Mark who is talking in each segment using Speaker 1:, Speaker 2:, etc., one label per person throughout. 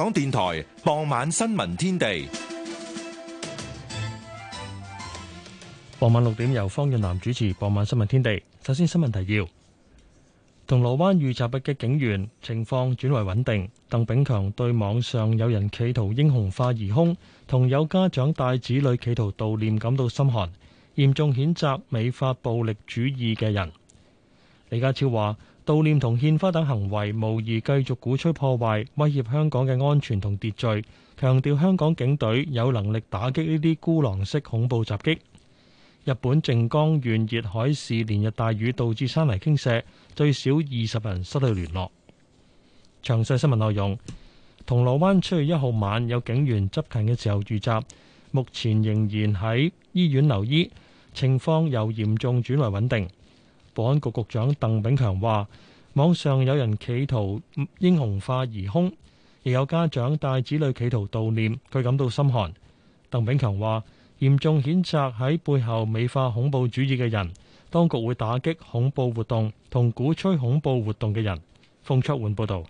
Speaker 1: 港電台傍晚
Speaker 2: 新聞天地，傍晚六點由方潤南主持《傍晚新聞天地》。首先新聞提要：銅鑼灣遇襲擊嘅警員情況轉為穩定。鄧炳強對網上有人企圖英雄化疑凶，同有家長帶子女企圖悼念感到心寒，嚴重譴責美化暴力主義嘅人。李家超話。悼念同獻花等行為，無疑繼續鼓吹破壞，威脅香港嘅安全同秩序。強調香港警隊有能力打擊呢啲孤狼式恐怖襲擊。日本靜岡縣熱海市連日大雨導致山泥傾瀉，最少二十人失去聯絡。詳細新聞內容，銅鑼灣七月一號晚有警員執勤嘅時候遇襲，目前仍然喺醫院留醫，情況由嚴重轉為穩定。保安局局長鄧炳強話：網上有人企圖英雄化疑凶，亦有家長帶子女企圖悼念，佢感到心寒。鄧炳強話：嚴重譴責喺背後美化恐怖主義嘅人，當局會打擊恐怖活動同鼓吹恐怖活動嘅
Speaker 3: 人。馮卓煥報道。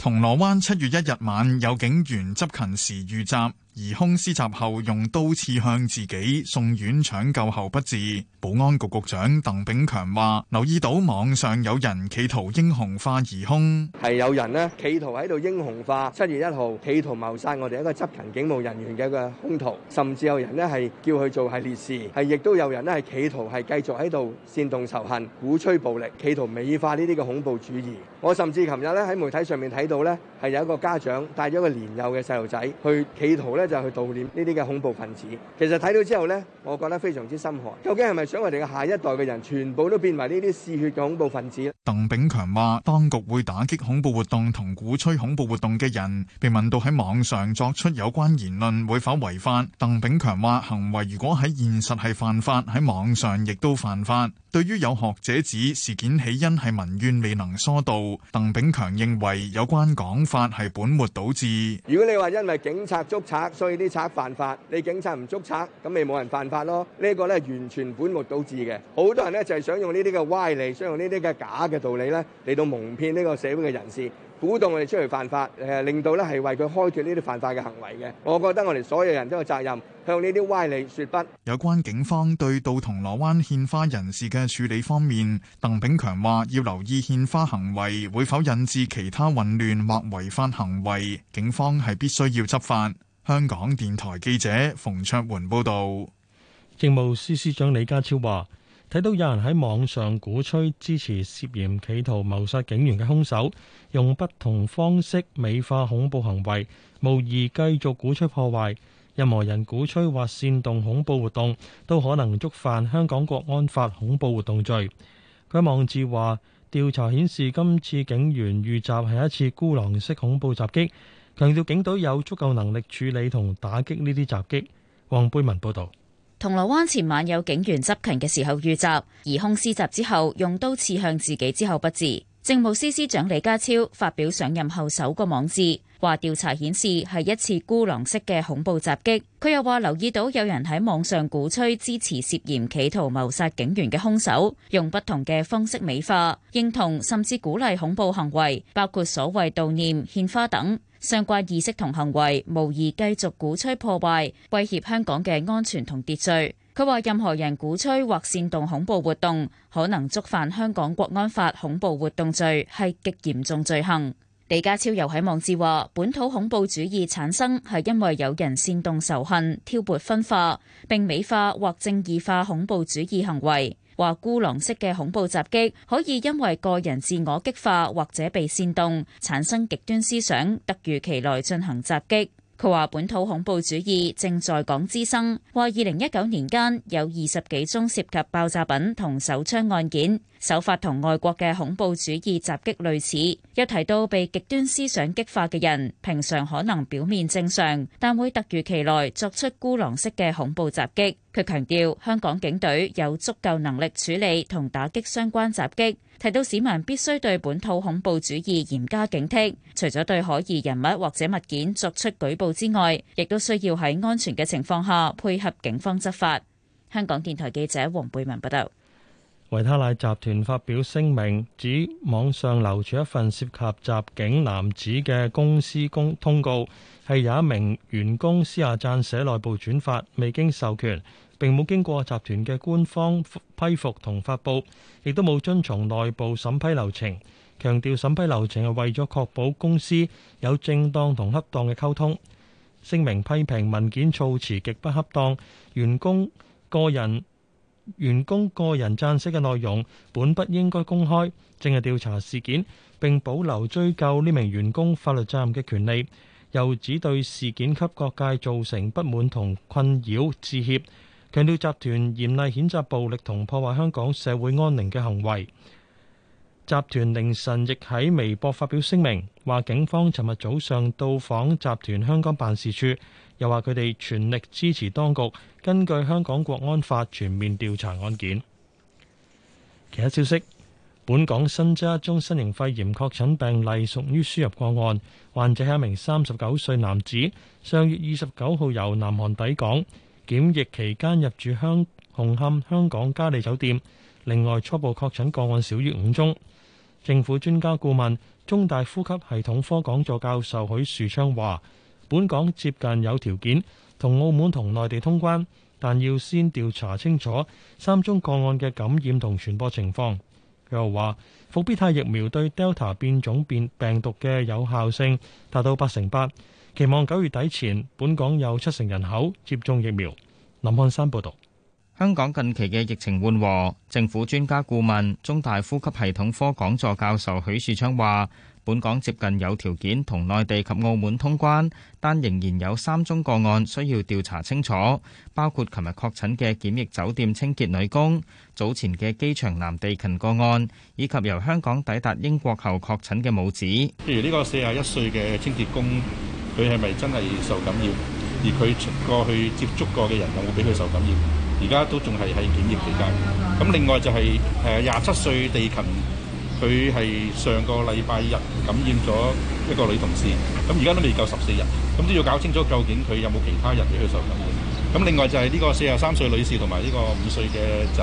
Speaker 3: 銅鑼灣七月一日晚有警員執勤時遇襲。疑凶施襲後用刀刺向自己，送院搶救後不治。保安局局長鄧炳強話：留意到網上有人企圖英雄化疑凶，
Speaker 4: 係有人呢企圖喺度英雄化七月一號企圖謀殺我哋一個執勤警務人員嘅一個凶徒，甚至有人咧係叫佢做係烈士，係亦都有人咧係企圖係繼續喺度煽動仇恨、鼓吹暴力、企圖美化呢啲嘅恐怖主義。我甚至琴日咧喺媒體上面睇到呢係有一個家長帶咗個年幼嘅細路仔去企圖呢就係去悼念呢啲嘅恐怖分子，其實睇到之後呢，我覺得非常之心寒。究竟係咪想我哋嘅下一代嘅人全部都變為呢啲嗜血嘅恐怖分子？
Speaker 3: 鄧炳強話，當局會打擊恐怖活動同鼓吹恐怖活動嘅人。被問到喺網上作出有關言論會否違法，鄧炳強話，行為如果喺現實係犯法，喺網上亦都犯法。對於有學者指事件起因係民怨未能疏導，鄧炳強認為有關講法係本末倒置。
Speaker 4: 如果你話因為警察捉賊，所以啲賊犯法，你警察唔捉賊，咁咪冇人犯法咯？呢個咧完全本末倒置嘅。好多人咧就係想用呢啲嘅歪理，想用呢啲嘅假嘅道理咧嚟到蒙騙呢個社會嘅人士。鼓動我哋出嚟犯法，誒令到咧係為佢開脱呢啲犯法嘅行為嘅。我覺得我哋所有人都有責任向呢啲歪理說不。
Speaker 3: 有關警方對到銅鑼灣獻花人士嘅處理方面，鄧炳強話要留意獻花行為會否引致其他混亂或違法行為，警方係必須要執法。香港電台記者馮卓桓報導。政務司司長李家
Speaker 2: 超話。睇到有人喺網上鼓吹支持涉嫌企圖謀殺警員嘅兇手，用不同方式美化恐怖行為，無疑繼續鼓吹破壞。任何人鼓吹或煽動恐怖活動，都可能觸犯香港國安法恐怖活動罪。佢網誌話，調查顯示今次警員遇襲係一次孤狼式恐怖襲擊，強調警隊有足夠能力處理同打擊呢啲襲擊。黃貝文報導。
Speaker 5: 銅鑼灣前晚有警員執勤嘅時候遇襲，疑兇施襲之後用刀刺向自己之後不治。政務司司長李家超發表上任後首個網誌，話調查顯示係一次孤狼式嘅恐怖襲擊。佢又話留意到有人喺網上鼓吹支持涉嫌企圖謀殺警員嘅兇手，用不同嘅方式美化、認同甚至鼓勵恐怖行為，包括所謂悼念、獻花等。相關意識同行為，無疑繼續鼓吹破壞，威脅香港嘅安全同秩序。佢話：任何人鼓吹或煽動恐怖活動，可能觸犯香港國安法恐怖活動罪，係極嚴重罪行。李家超又喺網誌話：本土恐怖主義產生係因為有人煽動仇恨、挑撥分化，並美化或正義化恐怖主義行為。話孤狼式嘅恐怖襲擊可以因為個人自我激化或者被煽動，產生極端思想，突如其來進行襲擊。佢話本土恐怖主義正在港滋生，話二零一九年間有二十幾宗涉及爆炸品同手槍案件。手法同外國嘅恐怖主義襲擊類似，又提到被極端思想激化嘅人，平常可能表面正常，但會突如其來作出孤狼式嘅恐怖襲擊。佢強調，香港警隊有足夠能力處理同打擊相關襲擊。提到市民必須對本土恐怖主義嚴加警惕，除咗對可疑人物或者物件作出舉報之外，亦都需要喺安全嘅情況下配合警方執法。香港電台記者黃貝文報道。
Speaker 2: 維他奶集團發表聲明，指網上流傳一份涉及襲警男子嘅公司公通告，係有一名員工私下撰寫、內部轉發，未經授權，並冇經過集團嘅官方批覆同發布，亦都冇遵從內部審批流程。強調審批流程係為咗確保公司有正當同恰當嘅溝通。聲明批評文件措辭極不恰當，員工個人。員工個人贊識嘅內容，本不應該公開，正係調查事件，並保留追究呢名員工法律責任嘅權利。又指對事件給各界造成不滿同困擾致歉，強調集團嚴厲譴責暴力同破壞香港社會安寧嘅行為。集團凌晨亦喺微博發表聲明，話警方尋日早上到訪集團香港辦事處，又話佢哋全力支持當局根據香港國安法全面調查案件。其他消息，本港新增一宗新型肺炎確診病例，屬於輸入個案，患者係一名三十九歲男子，上月二十九號由南韓抵港，檢疫期間入住香紅磡香港嘉利酒店。另外，初步確診個案少於五宗。政府專家顧問、中大呼吸系統科講座教授許樹昌話：本港接近有條件同澳門同內地通關，但要先調查清楚三宗個案嘅感染同傳播情況。佢又話：復必泰疫苗對 Delta 變種變病毒嘅有效性達到八成八，期望九月底前
Speaker 6: 本港有七成人口接種疫苗。林漢山報導。香港近期嘅疫情緩和，政府專家顧問、中大呼吸系統科講座教授許樹昌話：本港接近有條件同內地及澳門通關，但仍然有三宗個案需要調查清楚，包括琴日確診嘅檢疫酒店清潔女工、早前嘅機場南地勤個案，以及由香港抵達英國後確診嘅母子。譬如呢個四十一歲嘅清潔工，佢係咪真係受感染？
Speaker 1: 而佢出過去接觸過嘅人，有冇俾佢受感染？而家都仲係喺檢疫期間。咁另外就係誒，廿七歲地勤，佢係上個禮拜日感染咗一個女同事，咁而家都未夠十四日，咁都要搞清楚究竟佢有冇其他人俾佢受感染。咁另外就係呢個四十三歲女士同埋呢個五歲嘅仔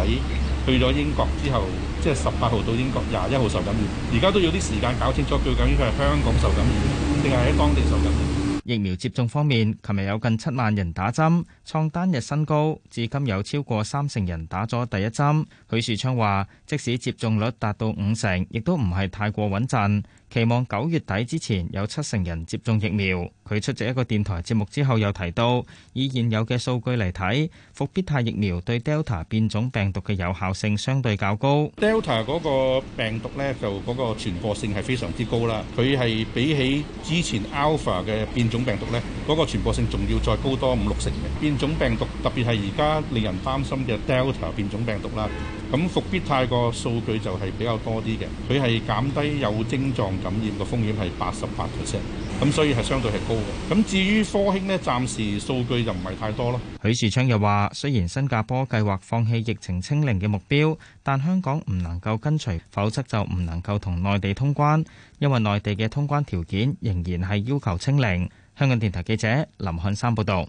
Speaker 1: 去咗英國之後，即係十八號到英國廿一號受感染，而家都要啲時間
Speaker 6: 搞清楚，究竟佢係香港受感染定係喺當地受感染。疫苗接種方面，琴日有近七萬人打針，創單日新高。至今有超過三成人打咗第一針。許樹昌話：即使接種率達到五成，亦都唔係太過穩陣。期望九月底之前有七成人接種疫苗。佢出席一個電台節目之後，又提到：以現有嘅數據嚟睇，復必泰疫苗對 Delta 變種病毒嘅有效性相對較高。
Speaker 1: Delta 嗰個病毒咧，就嗰個傳播性係非常之高啦。佢係比起之前 Alpha 嘅變種病毒呢嗰、那個傳播性仲要再高多五六成嘅變種病毒，特別係而家令人擔心嘅 Delta 變種病毒啦。咁復必泰個數據就係比較多啲嘅，佢係減低有症狀感染嘅風險係八十八 percent，咁所以係相對係高嘅。咁至於科興呢，暫時數據就唔係太多咯。
Speaker 6: 許樹昌又話：雖然新加坡計劃放棄疫情清零嘅目標，但香港唔能夠跟隨，否則就唔能夠同內地通關，因為內地嘅通關條件仍然係要求清零。香港電台記者林漢山報道，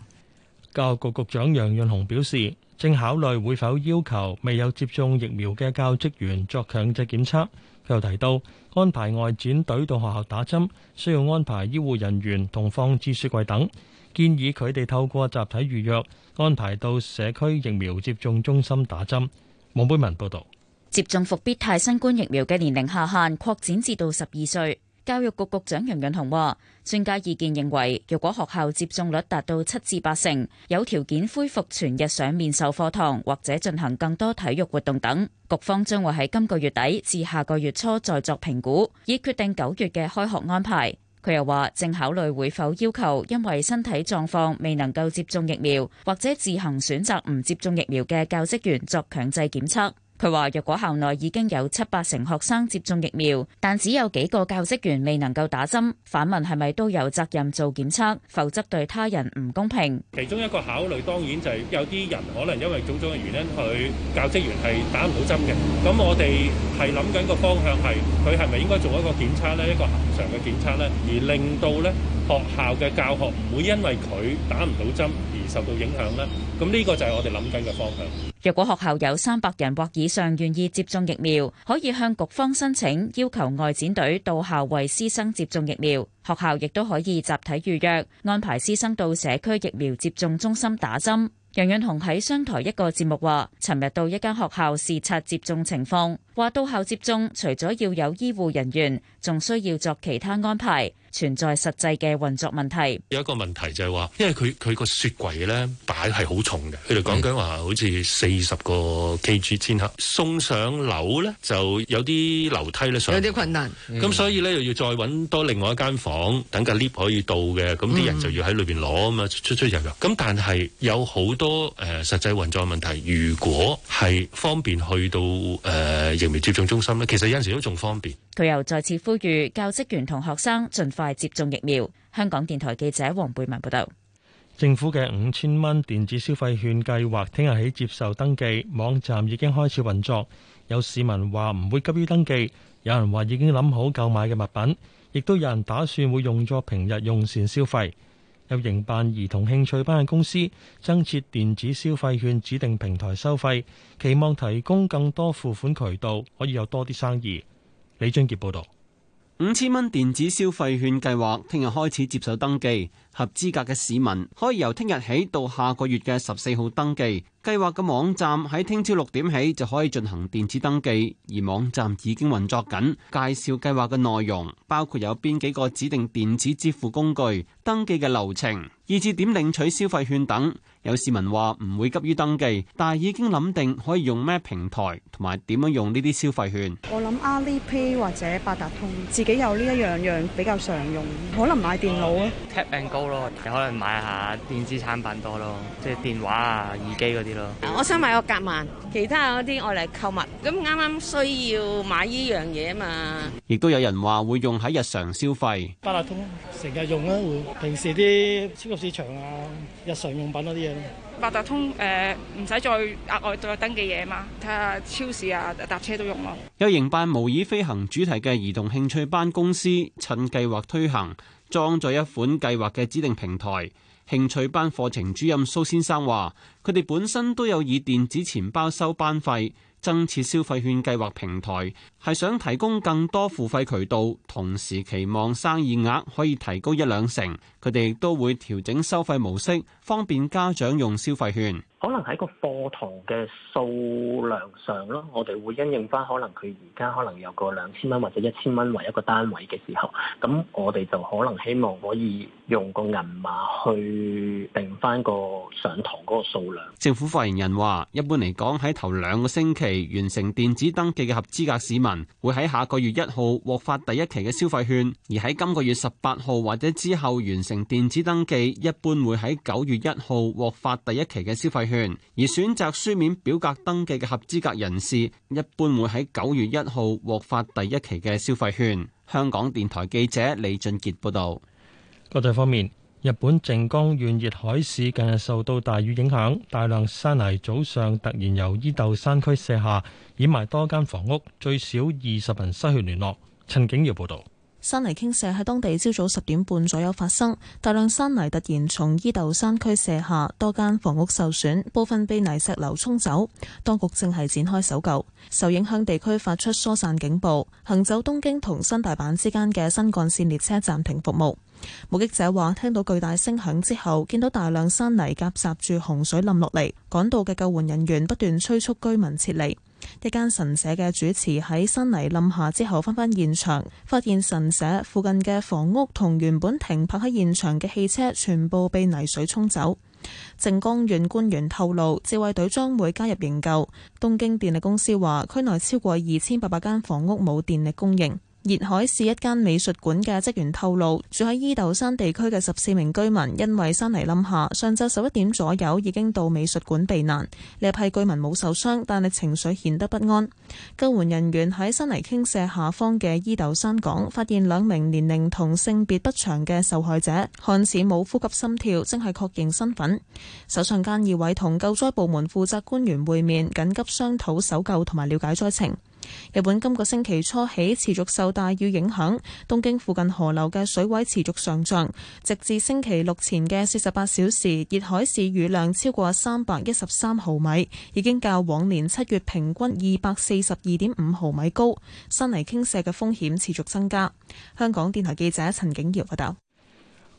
Speaker 6: 教育局局長楊潤雄表示，正考慮會否要求
Speaker 2: 未有接種疫苗嘅教職員作強制檢測。佢又提到，安排外展隊到學校打針，需要安排醫護人員同放置雪櫃等，建議佢哋透過集體預約安排到社區疫苗接種中心打針。王佩文報道，
Speaker 5: 接種復必泰新冠疫苗嘅年齡下限擴展至到十二歲。教育局局長楊潤雄話，專家意見認為，若果學校接種率達到七至八成，有條件恢復全日上面授課堂或者進行更多體育活動等，局方將會喺今個月底至下個月初再作評估，以決定九月嘅開學安排。佢又話，正考慮會否要求因為身體狀況未能夠接種疫苗或者自行選擇唔接種疫苗嘅教職員作強制檢測。佢話：若果校內已經有七八成學生接種疫苗，但只有幾個教職員未能夠打針，反問係咪都有責任做檢測，否則對他人唔公平。
Speaker 7: 其中一個考慮當然就係有啲人可能因為種種嘅原因，佢教職員係打唔到針嘅。咁我哋係諗緊個方向係佢係咪應該做一個檢測咧，一個恆常嘅檢測咧，而令到咧學校嘅教學唔會因為佢打唔到針而受到影響咧。咁呢個就係我哋諗緊嘅方向。
Speaker 5: 若果學校有三百人或以，以上願意接種疫苗，可以向局方申請，要求外展隊到校為師生接種疫苗。學校亦都可以集體預約，安排師生到社區疫苗接種中心打針。楊潤雄喺商台一個節目話，尋日到一間學校視察接種情況。話到校接種，除咗要有醫護人員，仲需要作其他安排，存在實際嘅運作問題。
Speaker 7: 有一個問題就係話，因為佢佢個雪櫃咧擺係好重嘅，佢哋講緊話好似四十個 kg 千克，送上樓咧就有啲樓梯咧上有啲困難。咁所以咧又要再揾多另外一間房等架 lift 可以到嘅，咁啲人就要喺裏邊攞啊嘛，出出入入。咁但係有好多誒、呃、實際運作問題，如果係方便去到誒、呃未接種中心呢，其實有陣時都仲方便。
Speaker 5: 佢又再次呼籲教職員同學生盡快接種疫苗。香港電台記者黃貝文報道，
Speaker 2: 政府嘅五千蚊電子消費券計劃聽日起接受登記，網站已經開始運作。有市民話唔會急於登記，有人話已經諗好購買嘅物品，亦都有人打算會用作平日用膳消費。有營辦兒童興趣班嘅公司增設電子消費券指定平台收費，期望提供更多付款渠道，可以有多啲生意。李俊杰報
Speaker 8: 導，五千蚊電子消費券計劃聽日開始接受登記。.合資格嘅市民可以由聽日起到下個月嘅十四號登記。計劃嘅網站喺聽朝六點起就可以進行電子登記，而網站已經運作緊，介紹計劃嘅內容，包括有邊幾個指定電子支付工具、登記嘅流程、以至點領取消費券等。有市民話唔會急於登記，但係已經諗定可以用咩平台同埋點樣用呢啲消費券。
Speaker 9: 我諗 Alipay 或者八達通，自己有呢一樣樣比較常用，可能買電腦
Speaker 6: 啊多咯，可能買下電子產品多咯，即係電話啊、耳機嗰啲咯。我
Speaker 9: 想買個夾萬，其他嗰啲用嚟購物。咁啱啱需要買呢樣嘢嘛？
Speaker 8: 亦都有人話會用喺日常消費。
Speaker 2: 八達通成日用啊，會平時啲超級市場啊、日常用品嗰啲嘢咯。
Speaker 6: 八達通誒，唔使再額外再登記嘢嘛？睇下超市啊、搭車都用咯。
Speaker 8: 有營辦模擬飛行主題嘅兒童興趣班公司，趁計劃推行。裝咗一款計劃嘅指定平台，興趣班課程主任蘇先生話：佢哋本身都有以電子錢包收班費。增設消費券計劃平台係想提供更多付費渠道，同時期望生意額可以提高一兩成。佢哋都會調整收費模式，方便家長用消費券。
Speaker 10: 可能喺個課堂嘅數量
Speaker 2: 上咯，我哋會因應翻。可能佢而家可能有個兩
Speaker 10: 千蚊或者一千蚊為一個單位嘅時候，咁我哋就可能希望可以用個銀碼去定翻個上堂嗰個數量。
Speaker 8: 政府發言人話，一般嚟講喺頭兩個星期。完成電子登記嘅合資格市民會喺下個月一號獲發第一期嘅消費券，而喺今個月十八號或者之後完成電子登記，一般會喺九月一號獲發第一期嘅消費券；而選擇書面表格登記嘅合資格人士，一般會喺九月一號獲發第一期嘅消費券。香港電台記者李俊杰報道。國際方面。日本靜岡縣熱
Speaker 2: 海市近日受到大雨影響，大量山泥早上突然由伊豆山區瀉下，掩埋多間房屋，最少二十人失去聯絡。陳景耀報道：
Speaker 9: 山泥傾瀉喺當地朝早十點半左右發生，大量山泥突然從伊豆山區瀉下，多間房屋受損，部分被泥石流沖走。當局正係展開搜救，受影響地區發出疏散警報，行走東京同新大阪之間嘅新幹線列車暫停服務。目擊者話：聽到巨大聲響之後，見到大量山泥夾雜住洪水冧落嚟。趕到嘅救援人員不斷催促居民撤離。一間神社嘅主持喺山泥冧下之後，翻返現場，發現神社附近嘅房屋同原本停泊喺現場嘅汽車全部被泥水沖走。靜岡縣官員透露，自衛隊將會加入營救。東京電力公司話，區內超過二千八百間房屋冇電力供應。熱海市一間美術館嘅職員透露，住喺伊豆山地區嘅十四名居民因為山泥冧下，上晝十一點左右已經到美術館避難。呢批居民冇受傷，但係情緒顯得不安。救援人員喺山泥傾瀉下方嘅伊豆山港發現兩名年齡同性別不詳嘅受害者，看似冇呼吸心跳，正係確認身份。首相菅義偉同救災部門負責官員會面，緊急商討搜救同埋了解災情。日本今個星期初起持續受大雨影響，東京附近河流嘅水位持續上漲，直至星期六前嘅四十八小時，熱海市雨量超過三百一十三毫米，已經較往年七月平均二百四十二點五毫米高，山泥傾瀉嘅風險持續增加。香港電台記者陳景堯報道。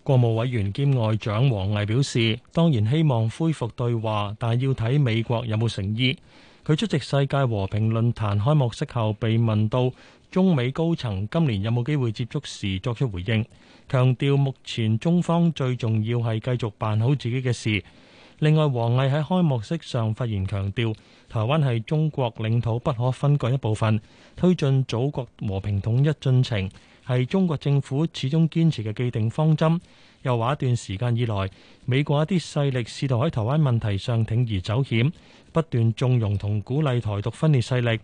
Speaker 2: 國務委員兼外長王毅表示，當然希望恢復對話，但要睇美國有冇誠意。佢出席世界和平論壇開幕式後被問到中美高層今年有冇機會接觸時，作出回應，強調目前中方最重要係繼續辦好自己嘅事。另外，王毅喺開幕式上發言強調，強調台灣係中國領土不可分割一部分，推進祖國和平統一進程係中國政府始終堅持嘅既定方針。又話一段時間以來，美國一啲勢力試圖喺台灣問題上鋌而走險，不斷縱容同鼓勵台獨分裂勢力，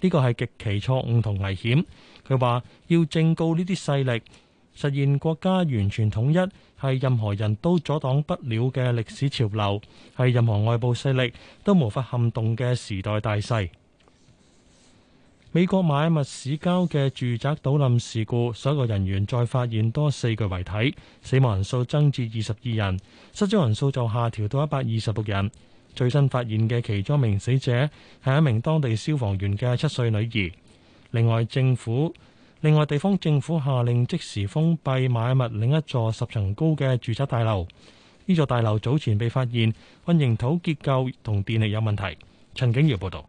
Speaker 2: 呢個係極其錯誤同危險。佢話要正告呢啲勢力，實現國家完全統一係任何人都阻擋不了嘅歷史潮流，係任何外部勢力都無法撼動嘅時代大勢。美國邁阿密市郊嘅住宅倒冧事故，所有人員再發現多四具遺體，死亡人數增至二十二人，失蹤人數就下調到一百二十六人。最新發現嘅其中一名死者係一名當地消防員嘅七歲女兒。另外，政府另外地方政府下令即時封閉邁阿密另一座十層高嘅住宅大樓。呢座大樓早前被發現混凝土結構同電力有問題。陳景堯報道。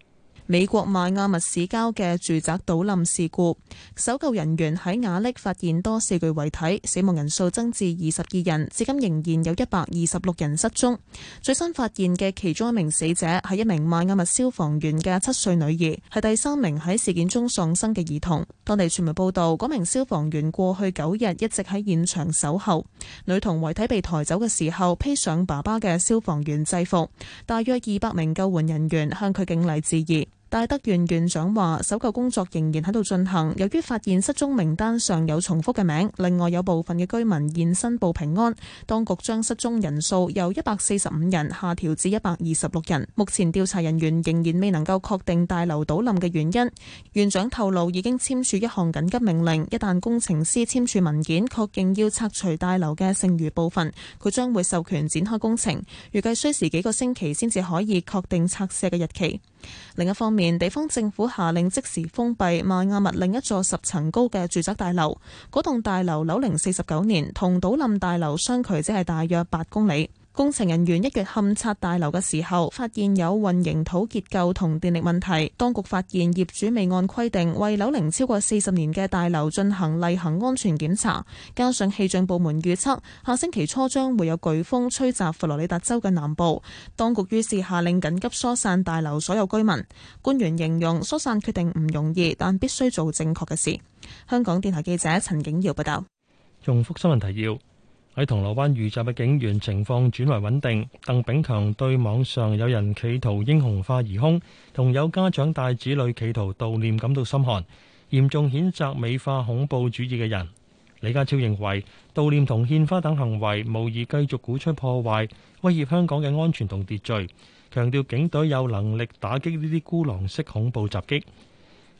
Speaker 9: 美國邁阿密市郊嘅住宅倒冧事故，搜救人員喺瓦礫發現多四具遺體，死亡人數增至二十二人，至今仍然有一百二十六人失蹤。最新發現嘅其中一名死者係一名邁阿密消防員嘅七歲女兒，係第三名喺事件中喪生嘅兒童。當地傳媒報道，嗰名消防員過去九日一直喺現場守候。女童遺體被抬走嘅時候披上爸爸嘅消防員制服，大約二百名救援人員向佢敬禮致意。大德院院長話：搜救工作仍然喺度進行，由於發現失蹤名單上有重複嘅名，另外有部分嘅居民現身報平安。當局將失蹤人數由一百四十五人下調至一百二十六人。目前調查人員仍然未能夠確定大樓倒冧嘅原因。院長透露，已經簽署一項緊急命令，一旦工程師簽署文件，確認要拆除大樓嘅剩餘部分，佢將會授權展開工程，預計需時幾個星期先至可以確定拆卸嘅日期。另一方面，地方政府下令即時封閉邁亞密另一座十層高嘅住宅大樓，嗰棟大樓樓齡四十九年，同倒冧大樓相距只係大約八公里。工程人員一月勘察大樓嘅時候，發現有混凝土結構同電力問題。當局發現業主未按規定為樓齡超過四十年嘅大樓進行例行安全檢查。加上氣象部門預測下星期初將會有颶風吹襲佛羅里達州嘅南部，當局於是下令緊急疏散大樓所有居民。官員形容疏散決定唔容易，但必須做正確嘅事。香港電台記者陳景堯報道：
Speaker 2: 「重複新聞提要。喺銅鑼灣遇襲嘅警員情況轉為穩定。鄧炳強對網上有人企圖英雄化疑兇，同有家長帶子女企圖悼念感到心寒，嚴重譴責美化恐怖主義嘅人。李家超認為悼念同獻花等行為，無意繼續鼓吹破壞，威脅香港嘅安全同秩序。強調警隊有能力打擊呢啲孤狼式恐怖襲擊。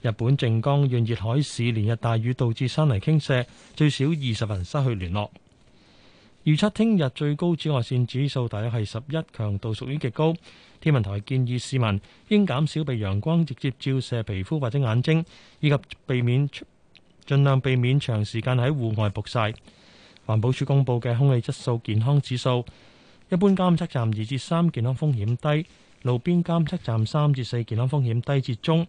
Speaker 2: 日本靜岡縣熱海市連日大雨導致山泥傾瀉，最少二十人失去聯絡。預測聽日最高紫外線指數大約係十一，強度屬於極高。天文台建議市民應減少被陽光直接照射皮膚或者眼睛，以及避免盡量避免長時間喺戶外曝曬。環保署公布嘅空氣質素健康指數，一般監測站二至三健康風險低，路邊監測站三至四健康風險低至中。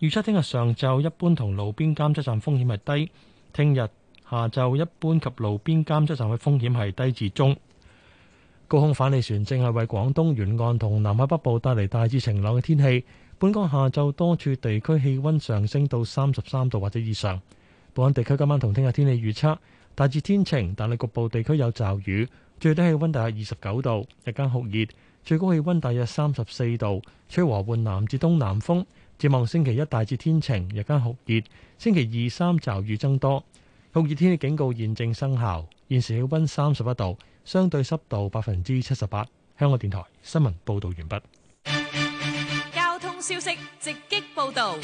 Speaker 2: 預測聽日上晝一般同路邊監測站風險係低，聽日。下晝一般及路邊監測站嘅風險係低至中。高空反氣旋正係為廣東沿岸同南海北部帶嚟大致晴朗嘅天氣。本港下晝多處地區氣溫上升到三十三度或者以上。本港地區今晚同聽日天氣預測大致天晴，但係局部地區有驟雨。最低氣溫大約二十九度，日間酷熱；最高氣溫大約三十四度，吹和緩南至東南風。展望星期一大致天晴，日間酷熱；星期二三驟雨增多。酷熱天氣警告現正生效，現時氣溫三十一度，相對濕度百分之七十八。香港電台新聞報道完畢。
Speaker 9: 交通消息直擊報道，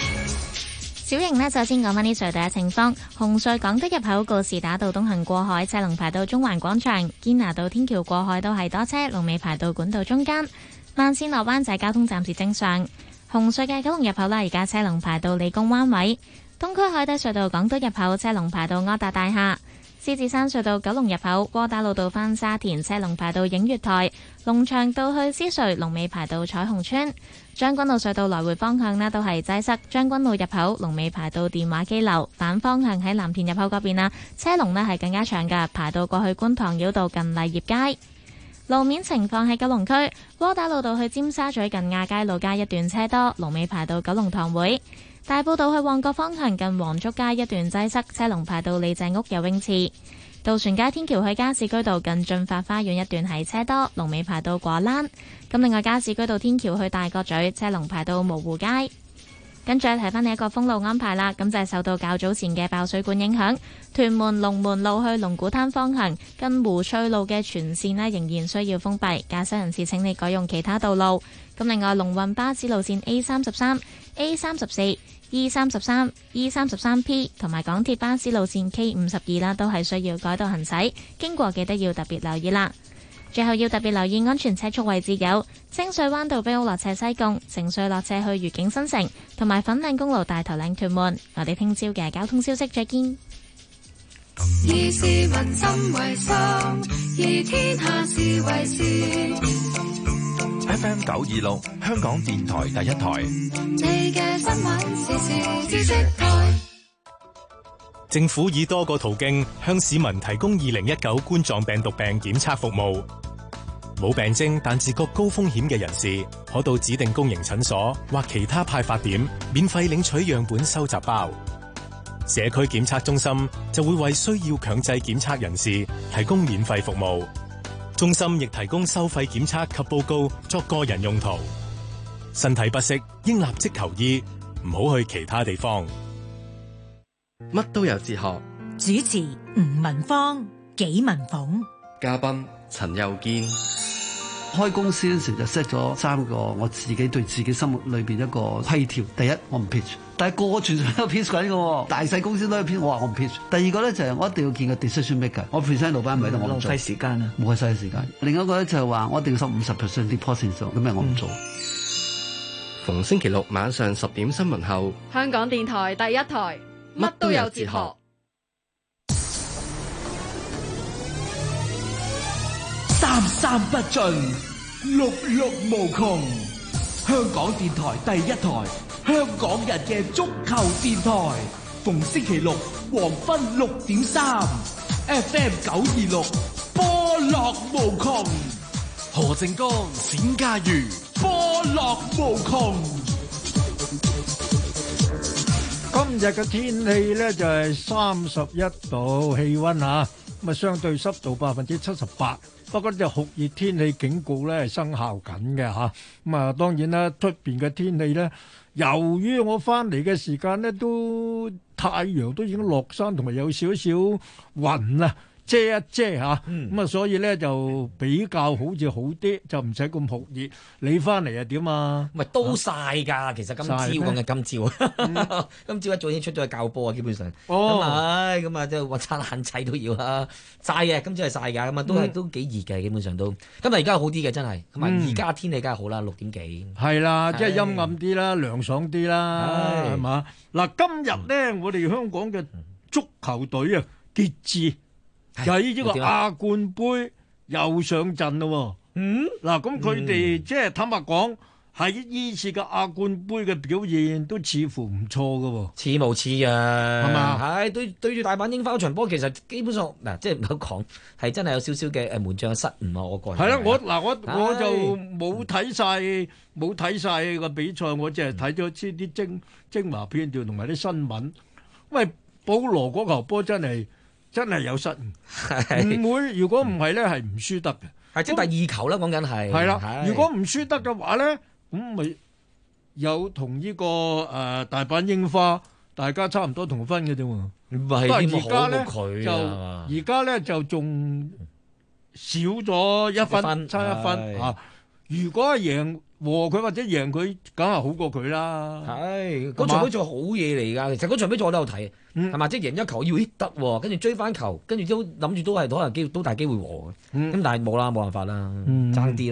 Speaker 11: 小瑩呢，首先講翻啲隧道嘅情況。紅隧港島入口告士打道東行過海，車龍排到中環廣場；堅拿道天橋過海都係多車，龍尾排到管道中間。慢線落灣仔交通暫時正常。紅隧嘅九龍入口啦，而家車龍排到理工灣位。東區海底隧道港島入口車龍排到柯達大廈，獅子山隧道九龍入口窩打老道翻沙田車龍排到映月台，龍翔道去獅隧龍尾排到彩虹村，將軍澳隧道來回方向都係擠塞，將軍澳入口龍尾排到電話機樓，反方向喺藍田入口嗰邊啊，車龍咧係更加長噶，排到過去觀塘繞道近麗業街。路面情況喺九龍區，窩打老道去尖沙咀近亞皆老街一段車多，龍尾排到九龍塘會。大埔道去旺角方向近黃竹街一段擠塞，車龍排到李鄭屋游泳池。渡船街天橋去加士居道近駿發花園一段係車多，龍尾排到果欄。咁另外加士居道天橋去大角咀，車龍排到蕪湖街。跟住睇翻你一個封路安排啦，咁就係、是、受到較早前嘅爆水管影響，屯門龍門路去龍鼓灘方向近湖翠路嘅全線呢，仍然需要封閉，駕駛人士請你改用其他道路。咁另外，龍運巴士路線 A 三十三、A 三十四、E 三十三、E 三十三 P 同埋港鐵巴士路線 K 五十二啦，都係需要改道行駛，經過記得要特別留意啦。最後要特別留意安全車速位置有清水灣道、碧屋、落斜、西貢、城隧落斜去愉景新城，同埋粉嶺公路大頭嶺屯門。我哋聽朝嘅交通消息，再見。
Speaker 8: 以
Speaker 7: FM 九二六，香港電台第一台。
Speaker 5: 是是台
Speaker 7: 政府以多個途徑向市民提供二零一九冠狀病毒病檢測服務。冇病徵但自覺高風險嘅人士，可到指定公營診所或其他派發點免費領取樣本收集包。社區檢測中心就會為需要強制檢測人士提供免費服務。中心亦提供收費檢測及報告,作個人用途。
Speaker 10: 開公司嗰時候就 set 咗三個我自己對自己生活裏邊一個批條。第一，我唔 pitch，但係個個全數都 pitch 緊喎。大細公司都係 pitch。我話我唔 pitch。第二個咧就係我一定要見個 decision make 噶，我 pitch 翻，老闆咪得我做。浪費時間啊！冇嘥時間。
Speaker 8: 另一個咧就係話我一定要收五十 percent 啲 percentage，咁咪我唔做。逢、嗯、星期六晚上十點新聞後，
Speaker 9: 香港電台第一台乜都有哲學。
Speaker 10: 三不盡，六六無窮。香港電台第一台，香港人嘅足球電台。逢星期六黃昏六點三，FM 九二六，FM926，波樂無窮。何正江，冼家瑜，波樂無窮。今日嘅天氣咧，就係三十一度，氣温啊。咁啊，相對濕度百分之七十八，不過呢隻酷熱天氣警告咧係生效緊嘅嚇。咁啊，當然啦，出邊嘅天氣咧，由於我翻嚟嘅時間咧都太陽都已經落山，同埋有少少雲啊。遮一遮嚇咁啊、嗯，所以咧就比較好似好啲，就唔使咁酷熱。你翻嚟又點啊？唔都晒㗎、啊。其實今朝咁嘅今朝，今朝、嗯、一早已經出咗去教波啊、嗯。基本上咁啊，咁、哦、啊，即係話撐冷砌都要啦，晒嘅今朝係晒㗎。咁啊，都係、嗯、都幾熱嘅，基本上都咁啊、嗯。而家好啲嘅真係咁啊。而家天氣梗係好啦，六點幾係啦，即係陰暗啲啦、哎，涼爽啲啦，係嘛嗱？今日咧，我哋香港嘅足球隊啊，傑志。喺、哎、呢、這個亞冠杯又上陣咯喎、哦，嗱咁佢哋即係坦白講，喺依次嘅亞冠杯嘅表現都似乎唔錯嘅喎、哦，
Speaker 2: 似冇似啊，
Speaker 10: 係、哎、對對住大阪櫻花嗰場波，其實基本上嗱、啊，即係唔好講，係真係有少少嘅誒門將失誤啊，我個人係、啊、啦，我嗱我、哎、我就冇睇晒冇睇曬個比賽，我淨係睇咗啲啲精、嗯、精華片段同埋啲新聞，喂，保羅嗰球波真係～真係有失誤，唔會，如果唔係咧，係唔輸得嘅。係即係第二球啦，講緊係。係啦，如果唔輸得嘅話咧，咁咪有同呢、這個誒、呃、大阪櫻花大家差唔多同分嘅啫。唔係而家咧就而家咧就仲少咗一分，差一分，一分啊。如果係贏和佢或者贏佢，梗係好過佢啦。係，嗰場比賽好嘢嚟㗎。其實嗰場比賽我都有睇，係、嗯、嘛？即係贏一球，咦得喎，跟住追翻球，跟住都諗住都係可能機都大機會和嘅。咁、嗯、但係冇啦，冇辦法啦，爭、嗯、啲、
Speaker 4: 嗯。